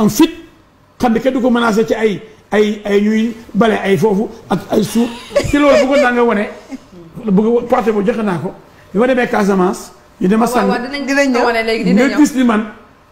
am fit xam ne kenn du ko menacé ci ay ay ay ñuy bale ay foofu ak ay suuf ci loolu bëggoon naa nga wane bëgg porté bo joxe naa ko bi ma demee Casamance ñu dema sànni nga gis ni man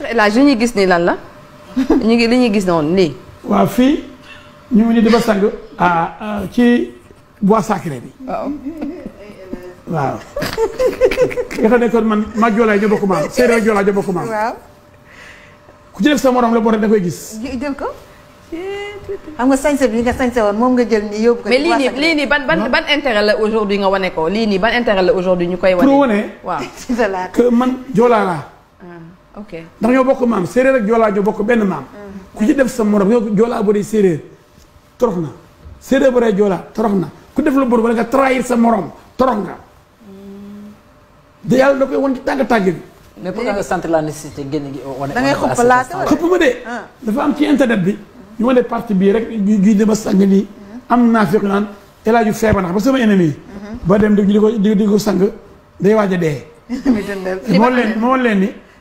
laa El Hadj ñuy gis nii lan la ñu ngi li ñuy gis noonu lii. waaw fii ñu ngi nii di ba sang ah, ah, ci bois sacré bi. waaw. waaw. nga xam ne man ma joolaa ñu bokk maam séeréer joolaa ñu bokk maam. waaw. ku ci def sa morom la boo da koy gis. jël ko. xam nga sañse bi nga sañse woon moom nga jël nii yóbbu ko. mais lii nii lii nii ban ban ban intérêt la aujourd'hui nga wane ko lii nii ba intérêt la aujourd'hui ñu koy wane. pour wane waaw man joolaa laa. ok ndax ñoo bokk maam séeréer ak joolaa bokk benn maam. Mm. ku ci def sa morom yow joolaa bu dee séeréer torox na séeréer bu dee joolaa na ku def lu bon wala nga sa morom torox nga. Mm. da yàlla da koy tàgg tàgg bi. mais pour sant la nécessité génn gi wane. da ngay xupp laa xupp ma ah. am ci internet bi. ñu wane parti bii rek a sang nii. Mm-hmm. am naa fekk naan El na ba sama ennemi. Mm-hmm. ba dem di ko di ko sang day waaj a dee. moo leen moo leen ni.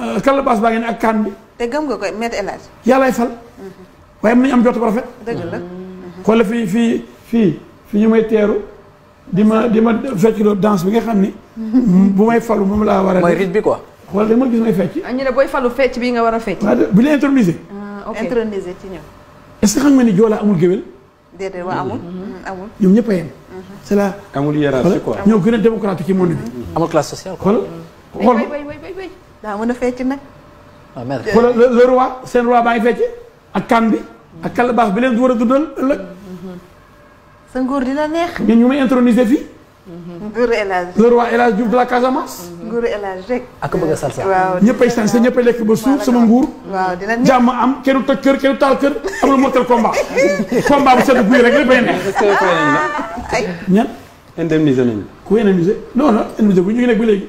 Euh, kalabaas baa ngeen ak kaan bi. te gëm nga koy met fal. Mhm. waaye mu nañu am jot bu rafet. dëgg la. Mhm. xoolal fii fii fii fii ñu may teeru di ma di ma fecc loo danse bi nga xam ni. Mhm. bu may falu moom laa war a. mooy rythme bi da ma gis may fecc. Ah, ñu booy falu fecc bii nga war a fecc. bu ñu la intronisé. Ah, ok intronisé ci xam nga ni Joola amul géwél. déedéet waa amul. amul ñoom ñëpp a yem. la amul hiérarchie quoi gën a démocratique ci monde bi. amul classe sociale daa mën a fecc nag. waaw merci le roi seen roi baa ngi fecc ak kan bi. ak kalabaax bi leen war a dundal ëllëg. sa nguur dina neex. ñun ñu may introniser fii. nguuru El Hadj. le roi El Hadj Diouf de la Casamance. nguuru El Hadj rek. ak bëgg a salsa. waaw ñëppay sanse ñëppay lekk ba suuf sama nguur. waaw dina neex jàmm am kenn du toj kër kenn du taal kër amul motal combat. combat bu sedd guy rek lépp bay neex. est-ce que fay nañ la. ay ñan. indemniser nañ. ku indemniser non non indemniser bu ñu ngi nekk ba léegi.